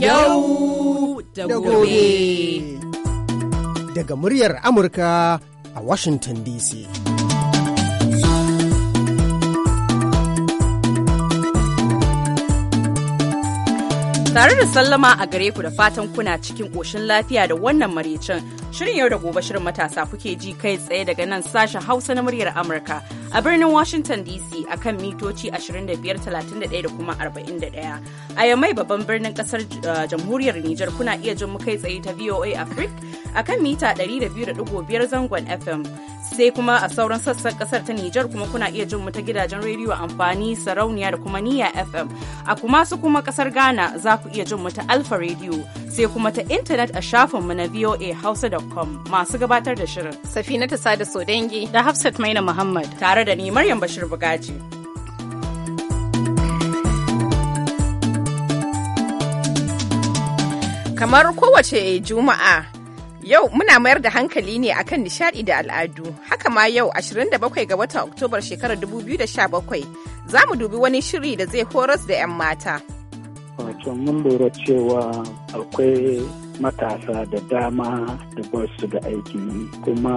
yau da gobe. Daga muryar Amurka a Washington DC. Tare da sallama a gare ku da fatan kuna cikin ƙoshin lafiya da wannan maricin. Shirin yau da gobe shirin matasa kuke ji kai tsaye daga nan sashen Hausa na muryar Amurka a birnin Washington DC akan mitoci 2531 da kuma 41. A yamai babban birnin kasar eh, jamhuriyar Nijar kuna iya jin mu kai tsaye ta VOA Africa akan mita 200.5 zangon FM. Sai kuma a sauran sassan kasar ta Nijar kuma kuna iya jin mu ta gidajen rediyo amfani sarauniya da kuma niya FM. A kuma su kuma kasar Ghana za ku iya jin mu ta Alfa rediyo sai kuma ta intanet a shafinmu na voa hausa da. masu gabatar da shirin. Safina ta sada Sodengi da Hafsat Maina Muhammad tare da ni Maryam Bashir Bugaji. Kamar kowace Juma'a Yau muna mayar da hankali ne akan nishadi da al'adu. Haka ma yau 27 ga watan Oktobar shekarar 2017 za mu dubi wani shiri da zai horas da 'yan mata. Wato mun lura cewa akwai matasa da dama da ba su da aiki kuma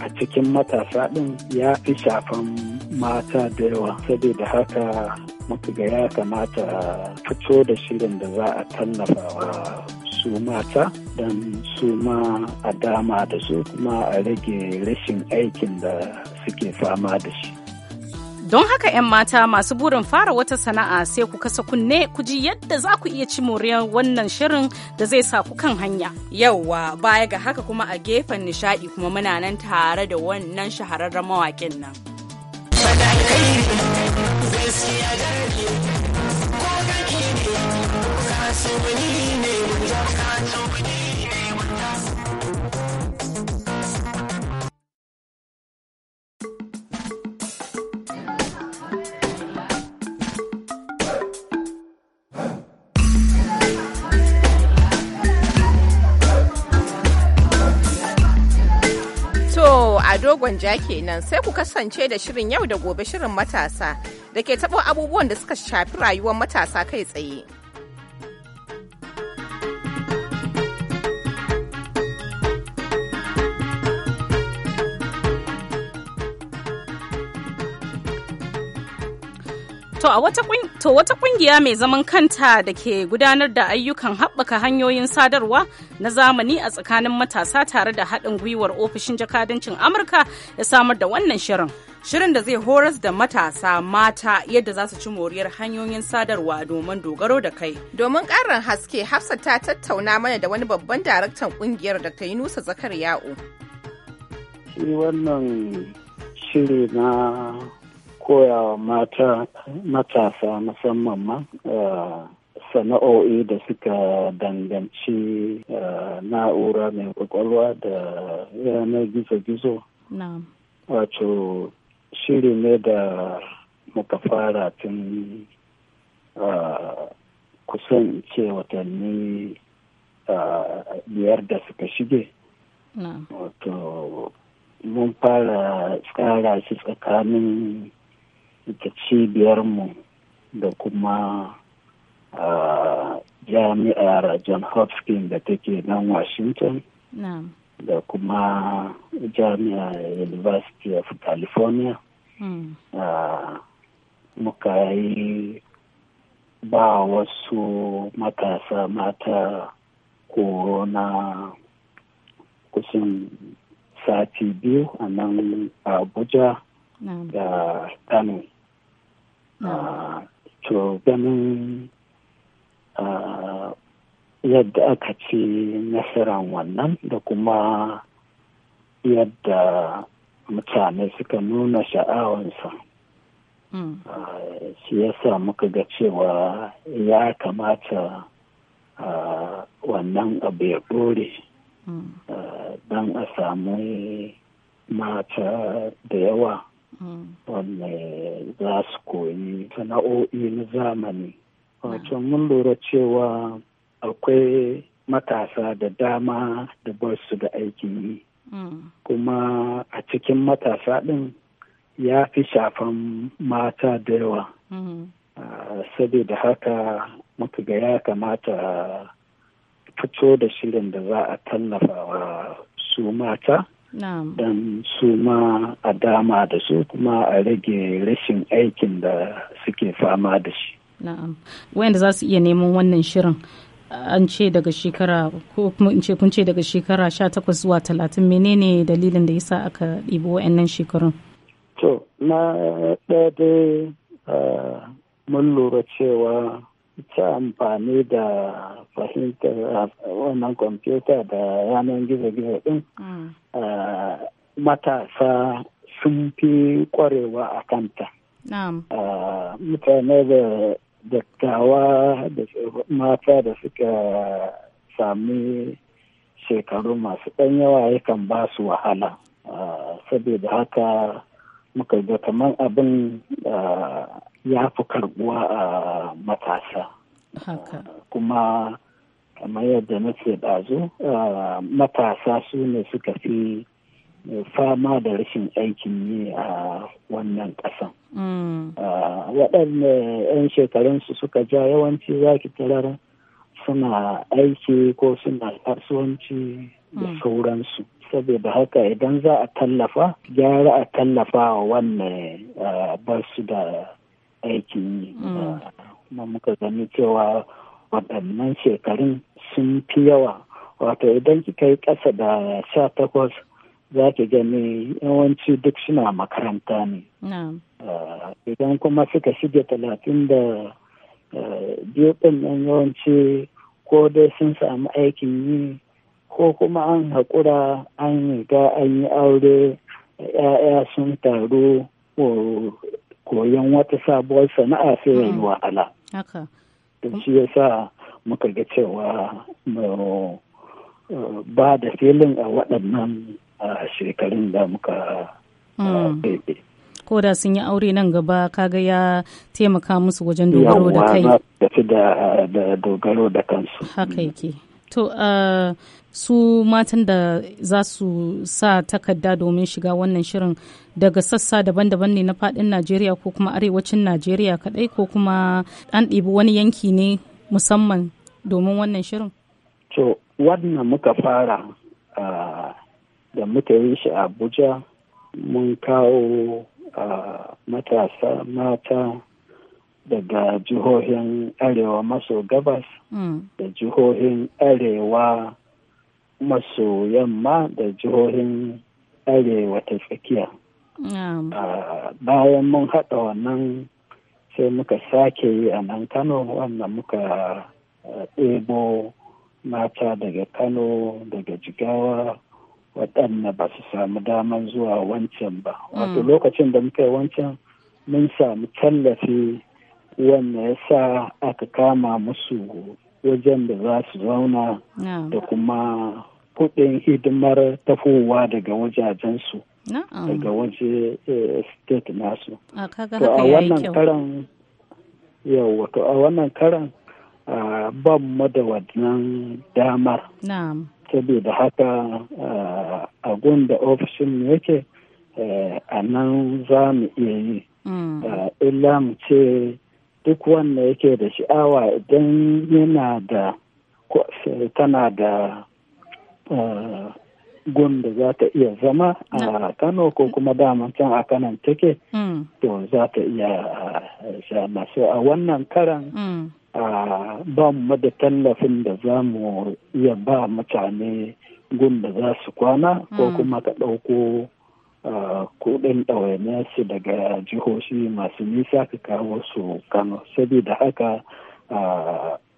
a cikin matasa ɗin ya fi shafan mata da yawa saboda haka muka ga ya kamata fito da shirin da za a tallafa wa su mata don su ma a dama da su kuma a rage rashin aikin da suke fama da shi Don haka 'yan mata masu burin fara wata sana'a sai ku kasa kunne ku ji yadda za ku iya ci moriyar wannan shirin da zai sa ku kan hanya. Yauwa baya ga haka kuma a gefen nishadi kuma muna nan tare da wannan shahararren mawakin nan. Ko ne, dogon kenan sai ku kasance da shirin yau da gobe shirin matasa da ke taɓa abubuwan da suka shafi rayuwar matasa kai tsaye. To a wata to kungiya mai zaman kanta da ke gudanar da ayyukan haɓaka hanyoyin sadarwa na zamani a tsakanin matasa tare da haɗin gwiwar ofishin jakadancin Amurka ya samar da wannan shirin. Shirin da zai horas da matasa mata yadda za su ci moriyar hanyoyin sadarwa domin dogaro da kai. Domin ƙarin haske, Hafsat ta tattauna mana da wani babban daraktan kungiyar yi Nusa Zakar Ya'u. Shi wannan shiri na koyawa mata matasa musamman ma eh, sana'o'i da suka danganci eh, na'ura mai kwakwalwa da yanar gizo-gizo wato shiri ne da muka fara tun eh, kusan ce watanni biyar da suka shige wato mun fara tsara shi tsakanin suke cibiyarmu da kuma ah, jami'ar john hopkins da take nan washington da kuma jami'ar university of california hmm. ah, muka yi ba wasu matasa mata koro na kusan sati biyu a nan abuja da kano to ganin yadda aka ci nasiran wannan da kuma yadda mutane suka nuna sha'awansa shi sa muka ga cewa ya kamata wannan abu ya ɗore don a samu mata da yawa wanda za su koyi sana'o'i na zamani wato mun lura cewa akwai matasa da dama da ba su da aikin yi mm. kuma a cikin matasa ɗin ya fi shafan mata da yawa mm. ah, saboda haka muka ga ya kamata fito da shirin da za a tallafa wa su mata don su ma a dama da su kuma a rage rashin aikin da suke fama da shi na'am wayanda za su iya neman wannan shirin an ce daga shekara ko kuma in ce kun ce daga shekara 18 zuwa talatin menene dalilin da yasa aka ɗibi wayannan shekarun to na ɗaya dai ah, mun lura cewa ta amfani da fahimtar uh, wannan kwamfuta da yanar gizo-gizo ɗin mm. uh, matasa sun fi kwarewa a kanta. Uh, mutane da dattawa da mata da suka sami shekaru masu ɗan yawa yakan ba su wahala. Saboda haka muka ga kamar abin ah, ya fi karbuwa a matasa ah, kuma kamar yadda na ce ɗazu ah, matasa su ne suka fi fama da rashin aikin yi a wannan ƙasan mm. waɗanda 'yan shekarunsu suka ja yawanci za ki suna aiki ko suna kasuwanci da mm. sauransu saboda haka idan za a tallafa gyara a tallafa wa wannan basu da aikin yi mm. kuma muka gani cewa waɗannan shekarun sun fi yawa wato idan kika yi ƙasa da sha takwas za ki gani yawanci duk suna makaranta ne idan kuma suka shige talatin da biyu ɗin yawanci ko dai sun samu aikin yi ko kuma an haƙura an riga an yi aure ‘ya'ya sun taru koyon wata sabuwar sana'a sai ya yi mm. wahala. da shi ya sa muka ga cewa uh, ba da filin a waɗannan uh, shekarun da muka daidai. Uh, mm. ko da sun yi aure nan gaba kaga ya taimaka musu wajen dogaro da kai. da dogaro da kansu. Haka yake. To uh, su matan da za su sa takarda domin shiga wannan shirin daga sassa daban-daban ne na fadin Najeriya ko kuma arewacin Najeriya kadai ko kuma an ɗibi wani yanki ne musamman domin wannan shirin? To, wannan muka fara uh, da muka yi shi Abuja mun kawo uh, matasa mata daga jihohin arewa maso gabas mm. da jihohin arewa maso yamma da jihohin arewa ta tsakiya bayan mun haɗa wannan sai muka sake yi a nan kano wannan muka ɗebo mata daga kano daga jigawa waɗanda ba su samu daman zuwa wancan ba wato mm. lokacin da muka yi wancan mun samu tallafi wanda ya sa aka kama musu wajen da za su zauna da kuma kuɗin hidimar tafowa daga wajajensu daga waje eh, state nasu to a wannan karan yau to a wannan karan ban mu da wannan damar saboda haka a gunda ofishin yake eh, a nan za mu iya yi mm. illa mu ce duk wanda yake da sha'awa idan yana da eh, tana da eh, gun da za ta iya zama a kano ko kuma daman can a kanan take mm. to za ta iya zama eh, so a wannan karan mm. ba mu da tallafin da za mu iya ba mutane gun da za su kwana ko mm. kuma ka ɗauko kudin ɗawainiyar su daga jihohi masu nisa ka kawo su kano saboda haka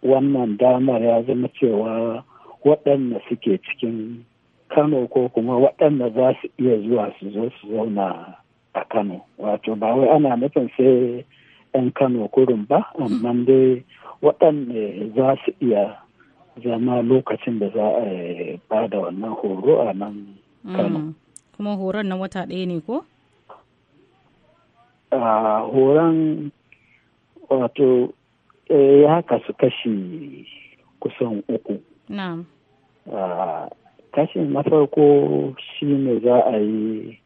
wannan damar ya zama cewa waɗanda suke cikin kano ko kuma waɗanda za su iya zuwa su zo su zauna a kano wato ba wai ana nufin sai 'yan kano kurin ba amma mm. dai waɗanda za su iya zama lokacin da za a eh, ba da wannan horo a nan kano mm. kuma horon na wata ɗaya ne ko? Ah, horon wato ya eh, kasu kashi kusan uku. Na'am. Ah, kashin na farko shi ne za a yi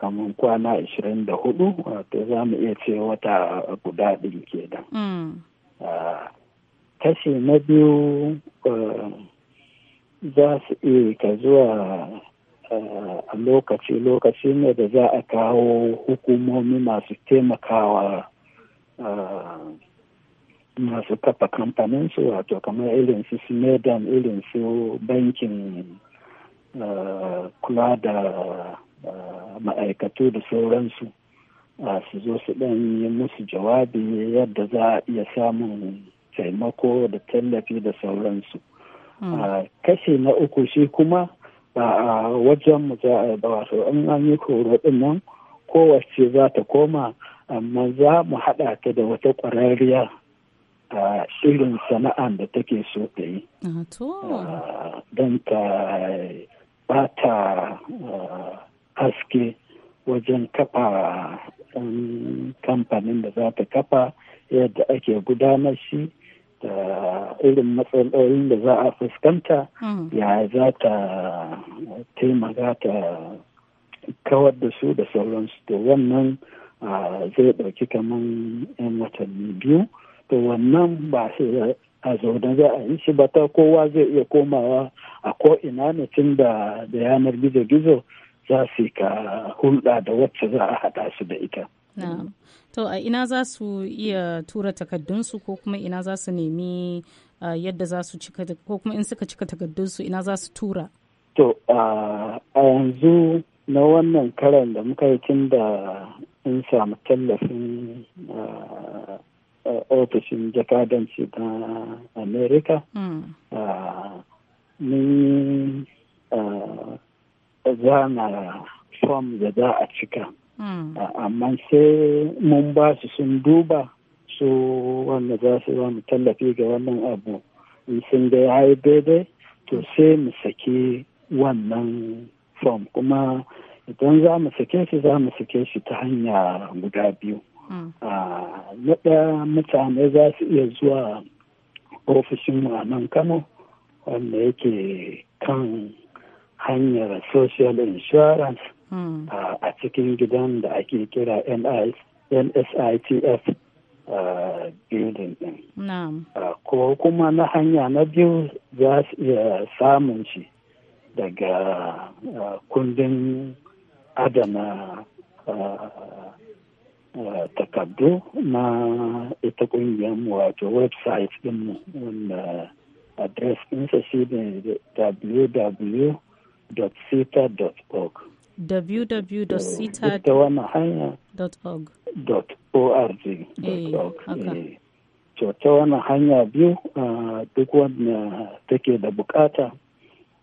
kamar kwana 24 wato za mu iya ce wata guda ɗin ke da. Mm. Ah, kashi na biyu eh, za su iya ka zuwa a lokaci-lokaci ne da za a kawo hukumomi masu taimakawa masu kafa su wato kamar irin su sinedan irin su bankin kula da ma'aikatu da sauransu su zo su ɗan yi musu jawabi yadda za a iya samun taimako da tallafi da sauransu hmm. kashi na uku shi kuma ba a wajen mu za a ba wato in an yi koro din nan kowace za ta koma amma za mu haɗa ta da wata ƙwararriya a shirin sana'an da take so ta yi don ta ba haske wajen kafa um, kamfanin da za ta kafa yadda ake gudanar shi da irin matsalolin da za a fuskanta hmm. ya za ta taimaka ta kawar da su da sauransu to wannan zai ɗauki kamar 'yan watanni biyu to wannan ba su a zaune za a yi shi ba ta kowa zai iya komawa a ko ina na tun da yanar gizo-gizo za su ka hulɗa da wacce za a haɗa su da ita. na to a ina za su iya tura takardunsu ko kuma ina za su nemi yadda za su cika ko kuma in suka cika takardunsu ina za su tura to a yanzu na wannan karan da muka yi tun da in samu tallafin ofishin jakadanci na america hmm. mun zana fom da za a cika Mm. amma sai mun ba su sun duba su wanda za su ba mu tallafi ga wannan abu in sun ga ya yi daidai to sai mu saki wannan fom kuma idan za mu sake shi za mu sake shi ta hanya guda biyu mm. na ɗaya mutane za su iya zuwa ofishinmu a nan kano wanda yake kan hanyar social insurance Hmm. Uh, a cikin gidan da ake kira nsitf uh, building din uh, ko kuma na hanya na biyu za su iya samun shi daga kundin adana takardu na ita kungiyar mu wato website din mu wanda adres ɗinsa shi ne www.cita.org. www.sita.org. Eh, eh, Kyauta wannan hanya biyu duk wanda take da bukata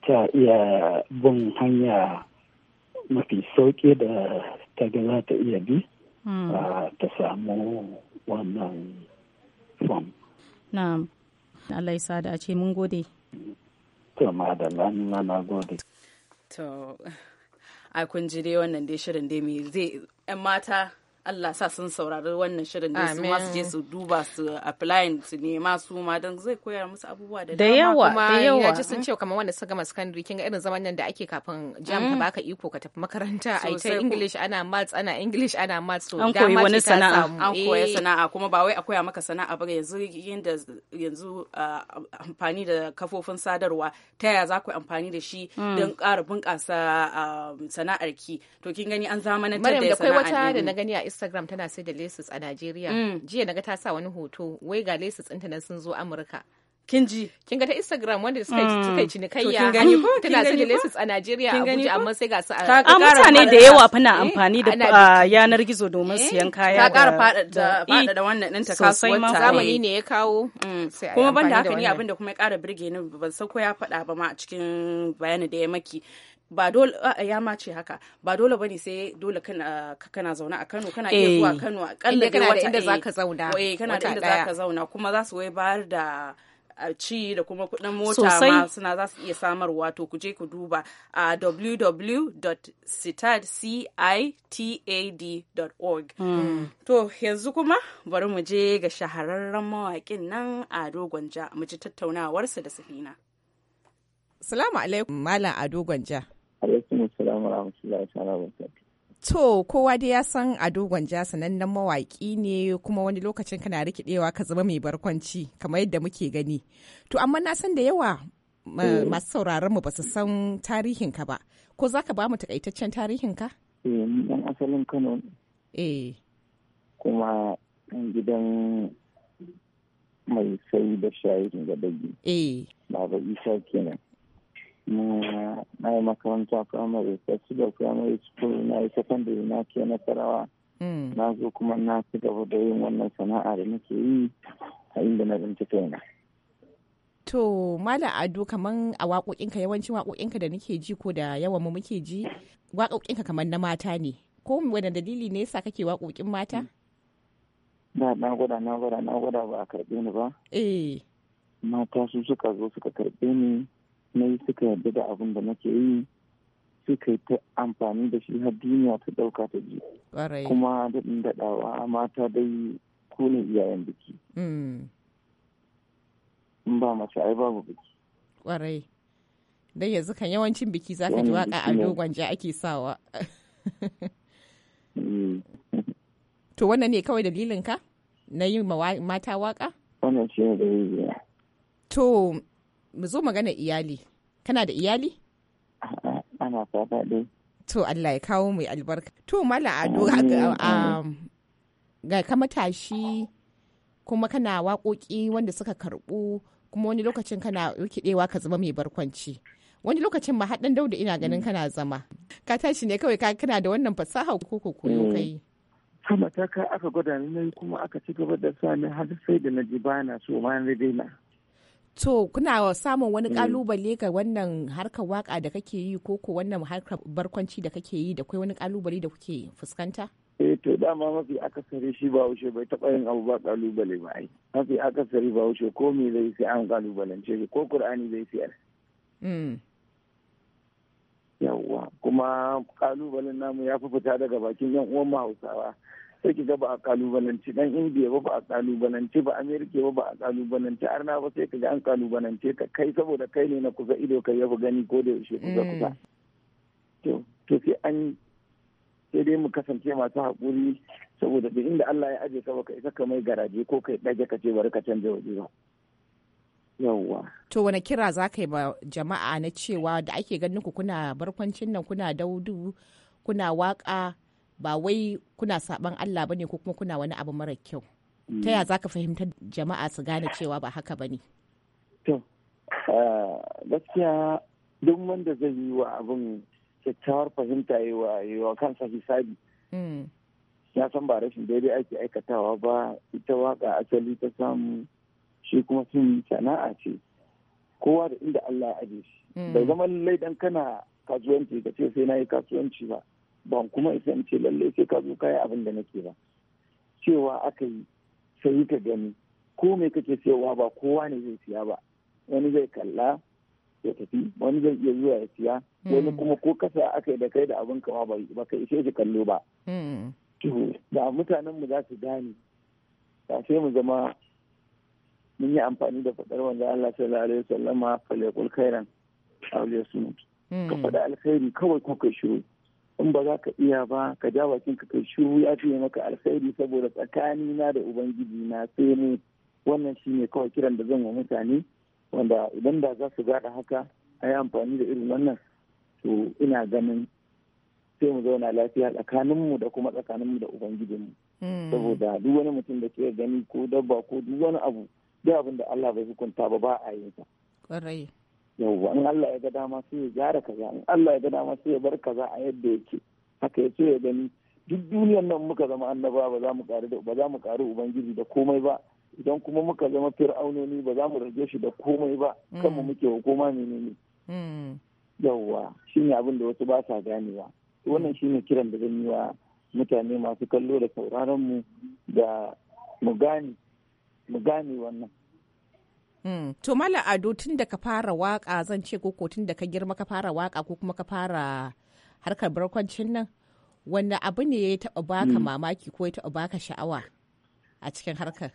ta iya bin hanya mafi sauki da ta ga ta iya bi hmm. ta samu wannan form. Na'am, Allah ya sada a ce mun gode. To, madalla, na gode. To, a kun ji wannan dai shirin dai me zai yan mata Allah sa sun saurari wannan shirin da su masu je su duba su apply su nema su ma don zai koya musu abubuwa da dama kuma da yawa ya ji sun ce kamar wanda suka gama secondary kin ga irin zaman nan da ake kafin jam ta mm. baka iko ka tafi makaranta a ta English ana maths ana English ana maths to an koyi wani sana'a an koyi eh. sana'a kuma ba wai a koya maka sana'a ba yanzu yanda yanzu amfani da kafofin sadarwa ta yaya za ku amfani da shi mm. don ƙara bunƙasa sana'arki to kin gani an zamanantar da sana'a da na gani a instagram tana sai da lesus a najeriya mm. jiya naga ta sa wani hoto wai ga lesus ɗinta nan sun zo amurka kin ji kin ga ta Instagram wanda suka yi suka yi mm. cinikayya kin gani ko tana sai da lesus a Najeriya Abuja amma sai ga su a ƙara ta mutane da yawa fana eh, amfani da yanar gizo domin eh, siyan kaya ta ƙara fada da fada wannan ɗin kasuwanta zamani ne ya kawo mm. kuma banda haka ni abinda kuma ya ƙara birge ni ban san ko ya faɗa ba ma a cikin bayanin da ya maki ba dole ya mace haka ba dole bane sai dole kana kana zauna a Kano kana iya zuwa eh. Kano a kalla kana da inda zaka eh. zauna eh kana da inda zaka zauna kuma za su wai bayar da a ci da kuma kudin mota ma suna za su iya samarwa to ku je ku duba a www.citad.org hmm. to yanzu kuma bari mu je ga shahararren mawaƙin nan a dogonja mu ji tattaunawarsa da safina salamu alaikum malam ado gwanja To kowa dai ya san a dogon ja sanannen mawaƙi ne kuma wani lokacin kana rikidewa ka zama mai barkwanci kamar yadda muke gani. To amma na san da yawa mm. masu sauraron mu ba su san tarihin ka ba. Ko za ka ba mu takaitaccen tarihin ka? Eh, asalin Kano. Eh. Kuma gidan mai sai da shayi da dagi. Eh. Baba Isa kenan. na yi makaranta primary ta ci da primary school na yi secondary na ke nasarawa mm. na zo kuma na ci gaba da yin wannan sana'a da nake yi a inda na zanci kaina. To Malam Ado kaman a waƙoƙinka yawancin waƙoƙinka da nake ji ko da yawan mu muke ji waƙoƙinka kaman na mata ne ko wani dalili ne yasa kake waƙoƙin mata? na na gwada na gwada na gwada ba a karɓe ni ba. Eh. Mata su suka zo suka karɓe ni suka yarda da abin da nake yi suka yi ta amfani da shi har duniya ta ɗauka ta ji kuma daɗin daɗawa mata dai ku ne iyayen biki mm. in ba mace ai babu biki ƙwarai dai yanzu kan yawancin biki za ka ji waka a dogon ja ake sawa mm. to wannan ne kawai dalilin ka na yin mata waka wannan shi ne dalilin to mu zo magana iyali Kana da iyali? Ana fata dai. To Allah ya kawo mai albarka. To Mala Ado ah, ga ka matashi kuma kana waƙoƙi wanda suka karɓu kuma wani lokacin kana rikidewa ka zama mai barkwanci. Wani lokacin ma haɗin dauda ina ganin mm. kana zama. Ka tashi ne kawai ka kana da wannan fasaha ko ko koyo kai. Eh. Sama ta aka gwada ni kuma aka ci gaba da sani har sai da na ji bana so ma na daina. To kuna samun wani kalubale mm. ga wannan harkar waka da kake yi ko ko wannan harkar barkwanci da kake yi da kai wani kalubale da kuke fuskanta? Eh to dama mafi akasari shi ba wuce bai taɓa yin abu ba kalubale ba ai. Mafi akasari ba wuce ko me zai sai an kalubalance shi ko Kur'ani zai siyar. Mm. Yawwa kuma kalubalen namu ya fi fita daga bakin yan uwan mu Hausawa. sai ki ga ba a kalubalanci dan indiya ba ba a kalubalanci ba amerika ba ba a kalubalanci arna ba sai ka ga an kalubalance ka kai saboda kai ne na kusa ido kai ya gani ko da yaushe mm. kusa kusa to sai an sai dai mu kasance masu haƙuri saboda duk inda Allah ya aje ka baka isa ka mai garaje ko kai ɗage ka ce bari ka canza waje ba yawwa to wani kira za ka yi ba jama'a na cewa da ake ganin ku kuna barkwancin nan kuna daudu kuna waka ba wai kuna saban Allah bane ko kuma kuna wani abu mara kyau mm. ta ya za ka fahimtar jama'a su gane cewa ba haka bane to gaskiya duk wanda zai yi wa abin kyakkyawar fahimta yi yi wa kansa hisabi mm. ya san ba rashin daidai ake aikatawa ba ita waka asali ta samu shi kuma sun sana'a ce kowa da inda Allah ya aje shi mm. bai zama lallai dan kana kasuwanci ka ce sai na yi kasuwanci ba ban kuma isa in ce lallai sai ka zo kayi abin da nake ba cewa aka yi sai ka gani ko me kake cewa ba kowa ne zai siya ba wani zai kalla ya tafi wani zai iya zuwa ya siya hmm. wani kuma ko kasa aka yi da kai da abin kawa ba ka ishe shi kallo ba hmm. da mutanen mu za su gane ba sai mu zama mun yi amfani da faɗar wanda Allah sallallahu alaihi wasallama falekul khairan aw liyasmut hmm. ka faɗa alkhairi kawai ko kai shiru in ba za ka iya ba ka ja bakin ka kai shiru ya fiye maka alkhairi saboda tsakani na da ubangiji na sai ne wannan shi ne kawai kiran da zan wa mutane wanda idan da za su gada haka a yi amfani da irin wannan to ina ganin sai mu zauna lafiya tsakaninmu da kuma tsakaninmu da mu hmm. saboda duk wani mutum da ke gani ko dabba ko duk wani abu duk abin da Allah bai hukunta ba ba a yin sa yauwa in Allah ya ga dama sai ya gyara kaza in Allah ya ga dama sai ya bar kaza a yadda yake haka ya ce ya gani duk duniyan nan muka zama annaba ba za mu karu ba za mu karu ubangiji da komai ba idan kuma muka zama fir'aunoni ba za mu rage shi da komai ba mm. kanmu muke hukuma ne menene mm. yauwa shine abin da wasu ba sa ganewa wannan shine kiran da zan yi wa mutane masu kallo da sauraron mu da mu gane mu gane wannan Mm. To Mala Ado tun da ka fara waka zan ce ko tun da ka girma ka fara waka ko kuma ka fara harkar barkwancin nan wanda abu ne ya taɓa baka mm. mamaki ko ya taɓa baka sha'awa a cikin harkar?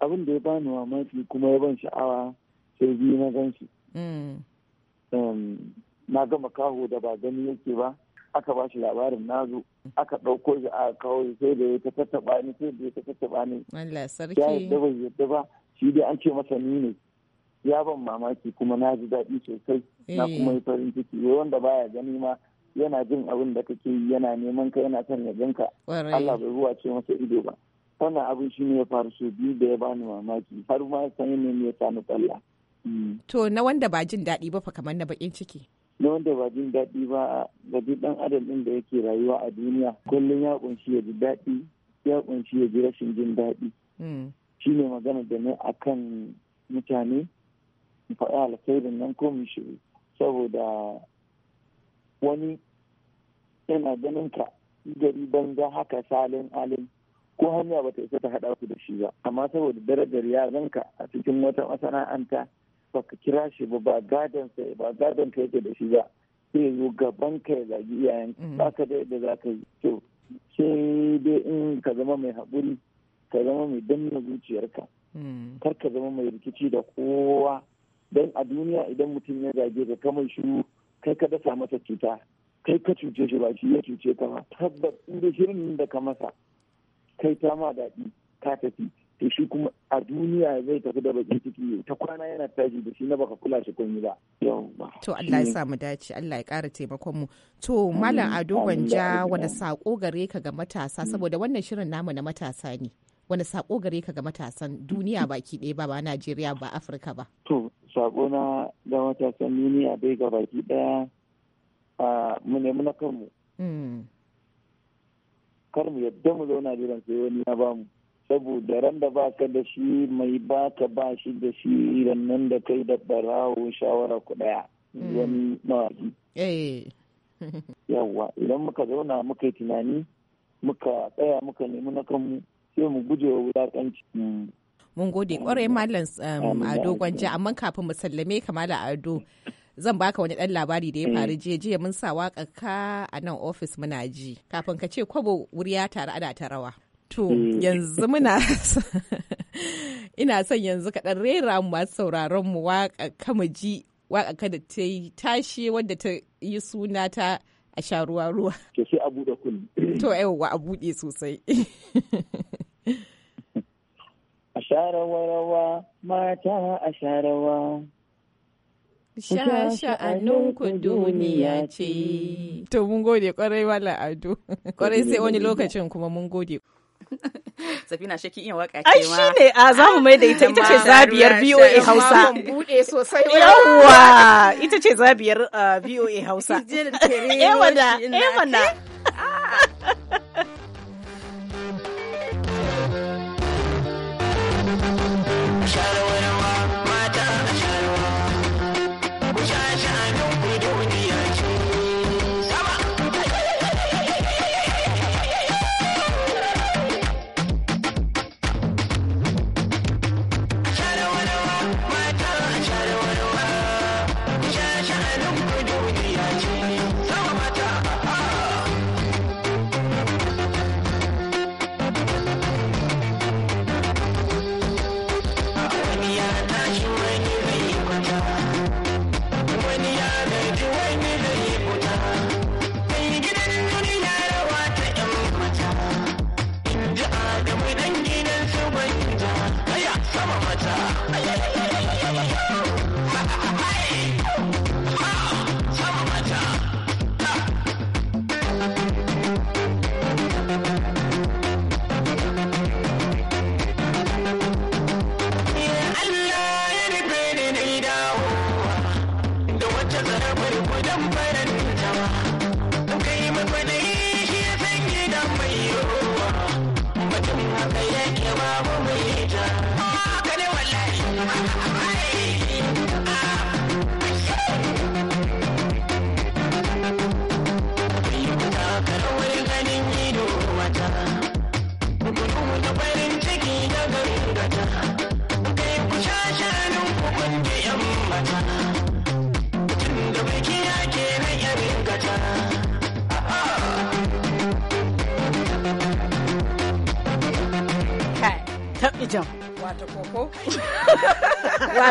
Abin da ya bani mamaki kuma ya ban sha'awa sai biyu na gan shi. Mm. Na gama kaho da ba gani yake ba. aka ba shi labarin nazo aka ɗauko shi a kawo sai da ya ta tattaɓa ni sai da ya ta tattaɓa ni. Allah sarki. Ya yadda bai yadda ba shi dai an ce masa ni ne. ya ban mamaki kuma na ji daɗi sosai na eh. kuma yi farin ciki wanda baya gani ma yana jin abin da kake yi yana neman ka yana son ya ganka Allah bai ruwa ce masa ido ba wannan abin shi ne ya faru so biyu da ya bani mamaki har ma ya san ne ya sami tsalla. Hmm. To na wanda ba jin daɗi ba fa kamar na bakin ciki. Na wanda ba jin daɗi ba ga duk ɗan adam ɗin da yake rayuwa a duniya kullum ya ƙunshi ya ji daɗi ya ƙunshi ya ji rashin jin daɗi. Hmm. Shi ne magana da ne akan mutane faɗa alkhairin nan ko mu shiru saboda wani yana ganin ka gari banza haka salin alin ko hanya bata isa ta haɗa ku da shi ba amma saboda darajar yaranka a cikin wata masana'anta baka kira shi ba ba gadon sai ba gadon ka yake da shi ba sai zo gaban ka ya zagi iyayen mm-hmm. ka da yadda za ka yi to sai dai in ka zama mai haƙuri ka zama mai danna zuciyarka mm. kar ka zama mai rikici da kowa don a duniya idan mutum ya zage ka kamar shiru kai ka dasa masa cuta kai ka cuce shi ba ya cuce ka ma tabbas inda shirin da ka masa kai ta ma daɗi ka tafi to shi kuma a duniya zai tafi da baki ciki ta kwana yana tashi da shi na baka kula shi kun yi ba to Allah ya sa dace Allah ya kara taimakon mu to malam Ado Gwanja wani sako gare ka ga matasa hmm. saboda wannan shirin namu na matasa ne wani sako gare ka ga matasan duniya baki ɗaya ba ba Najeriya ba Afirka ba to sakona ga matasan a bai ga baki daya a mu nemi na kanmu hmm. kar mu yadda mu zauna jiran sai wani ya bamu saboda ran da baka da shi mai baka ba shi da shi nan da kai da barawo shawara ku daya hmm. wani mawaki eh. yawwa idan muka zauna muka yi tunani muka tsaya muka nemi na kanmu sai mu guje wa wulakanci hmm. mun gode kwarai Mallam um, ado gwanja amma kafin mu sallame kamala ado zan baka wani dan labari da ya faru eh. jiya jiya mun sa waka ka a nan ofis muna ji kafin ka ce kwabo wuri ya tare ana ta rawa to hmm. yanzu muna ina son yanzu ka dan rera mu masu sauraron mu waka ka mu ji waka ka da ta yi tashi wanda ta yi suna ta a sha ruwa ruwa to a bude sosai sharawa mata a sharawa. Sha'aninku duniya ce. To mun gode kwarai wala ado. Kwarai sai wani lokacin kuma mun gode. Safina shakin iya waka ce ma. Ai shi ne a za mai da ita ita ce zabiyar VOA Hausa. bude sosai. Yawwa ita ce zabiyar uh, VOA Hausa. Ewa da, ewa da.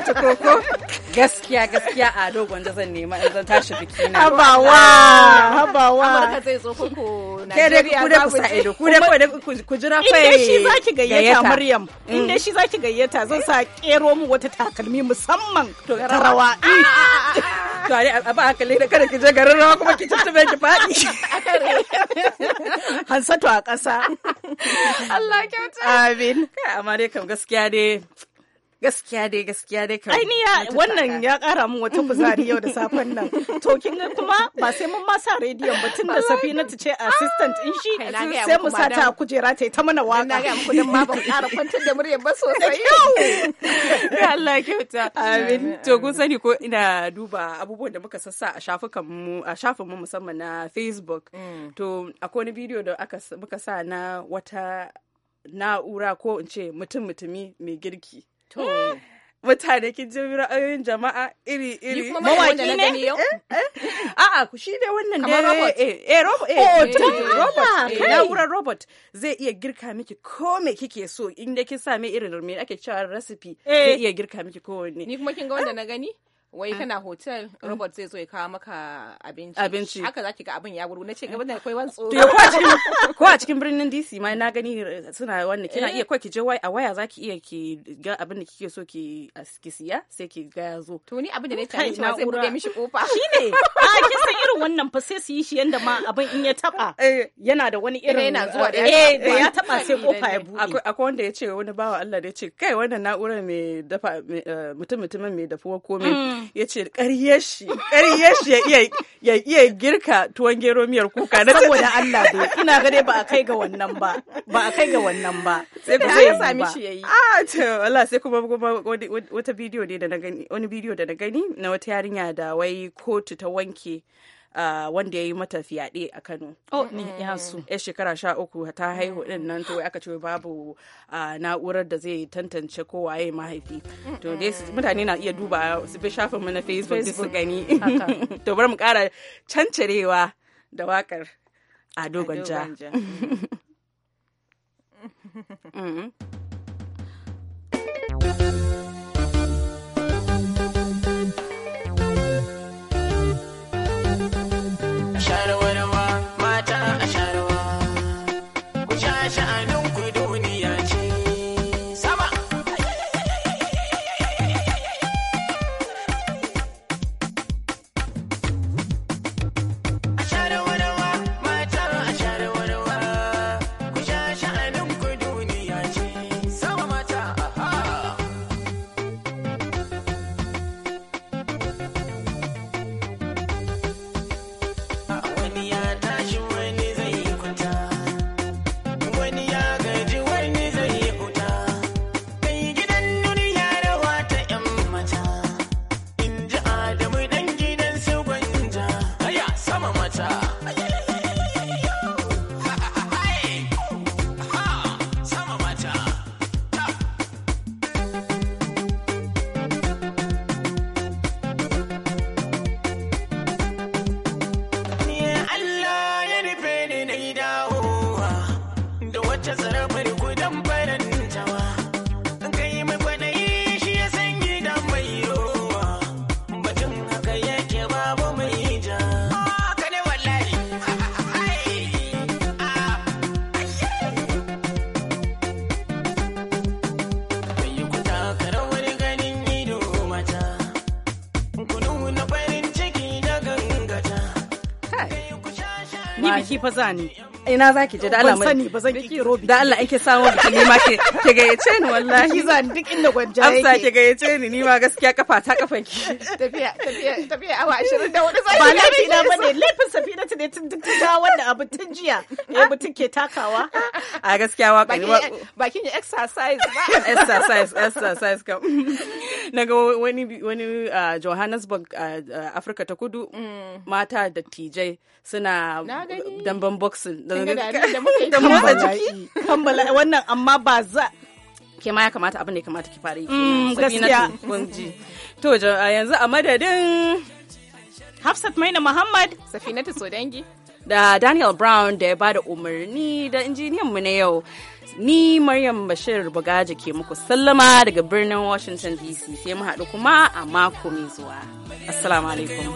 ta koko gaskiya gaskiya a dogon da zan nema in zan tashi biki na habawa ah. habawa amurka zai zo koko najeriya ku da ku sa ido ku da ku jira fa inda shi zaki gayyata maryam mm. inda shi zaki gayyata zan sa kero mu wata takalmi musamman to tarawa mm. ah, ah, to a ba lai da kada ki je garin rawa kuma ki tattabe ki hansa to a ƙasa Allah kyauta amin amma dai kam gaskiya dai gaskiya dai gaskiya dai kai ni wannan ya kara mun wata kuzari yau da safen nan to kin ga kuma ba sai mun ma sa rediyon ba tunda Safina ta ce assistant in shi sai mu sa ta kujera ta ta mana waka na ga muku dan ma ban kara kwantar da muryar ba sosai yau ya Allah kyauta amin to kun sani ko ina duba abubuwan da muka sassa a shafukan mu a shafin mu musamman na Facebook mm. to akwai wani bidiyo da aka muka sa na wata na'ura ko in ce mutum mutumi mai girki To. mutane kin ji ra'ayoyin jama'a iri iri mawaki ne eh, eh, eh. a'a ku shi dai wannan dai oh, eh robot eh robot na'urar robot zai iya girka miki ko me kike so inda kin same irin me ake cewa recipe zai iya girka miki kowanne ni kuma kin ga wanda ah. na gani wai ah. kana hotel mm. robot zai zo ya kawo maka abinci abinci haka zaki ga abin ya wuru na ce gaban da akwai wani tsoro ko a cikin ko a cikin birnin DC ma na gani suna wannan kina eh. iya ko ki je a waya zaki iya ki ga abin da kike so ki ki siya sai ki ga ya zo to ni abin da nake tunani cewa zai bude mishi kofa shine a ah, kin san irin wannan fa sai su yi shi yanda ma abin in ya taba eh. yana da wani irin yana zuwa da eh, ya taba sai kofa ya bude akwai wanda ya ce wani bawa Allah da ya ce kai wannan na'urar mai dafa mutum mutumin mai dafuwa komai mm. ya ce ƙaryar shi ya iya girka tuwon gero miyar kuka na saboda Allah dai ina ga dai ba a kai ga wannan ba ba a kai ga wannan ba sai kuma ya sami shi yayi a to Allah sai kuma wata bidiyo ne da na gani wani bidiyo da na gani na wata yarinya da wai kotu ta wanke Uh, wanda ya yi mata fyaɗe a Kano. Oh, ni ya su. Ya shekara sha uku ta haihu din nan to aka ce babu uh, na'urar da zai tantance ko waye mahaifi. To dai mutane na iya duba su bi shafin mu na Facebook su gani. To bari mu ƙara cancarewa da wakar dogon ja Mm-hmm. fa ina za ki je da Allah mai ba zan kiro biki da Allah ake samu biki ni ma ke ke gayyace ni wallahi zan duk inda gwanja yake amsa ke gayyace ni ni ma gaskiya kafa ta kafan ki tafiya tafiya tafiya awa 20 da wani zai ba laifi na bane lafin safina ta ne tun ta wanda abu tun jiya ya eh, mutun ke takawa a gaskiya waka ne bakin ya exercise ba exercise exercise kam na ga wani wani uh, Johannesburg uh, uh, Africa ta Kudu mm. mata da TJ suna damban boxing da motsa jiki kan bala'i wannan amma ba za ke ma ya kamata abin da ya kamata ki fara yi mm, gaskiya yanzu a madadin Hafsat Maina Muhammad Safinatu Sodangi da Daniel Brown da ya bada umarni da injiniyan mu na yau ni Maryam Bashir Bugaji ke muku sallama daga birnin Washington DC sai mu haɗu kuma a mako mai zuwa assalamu alaikum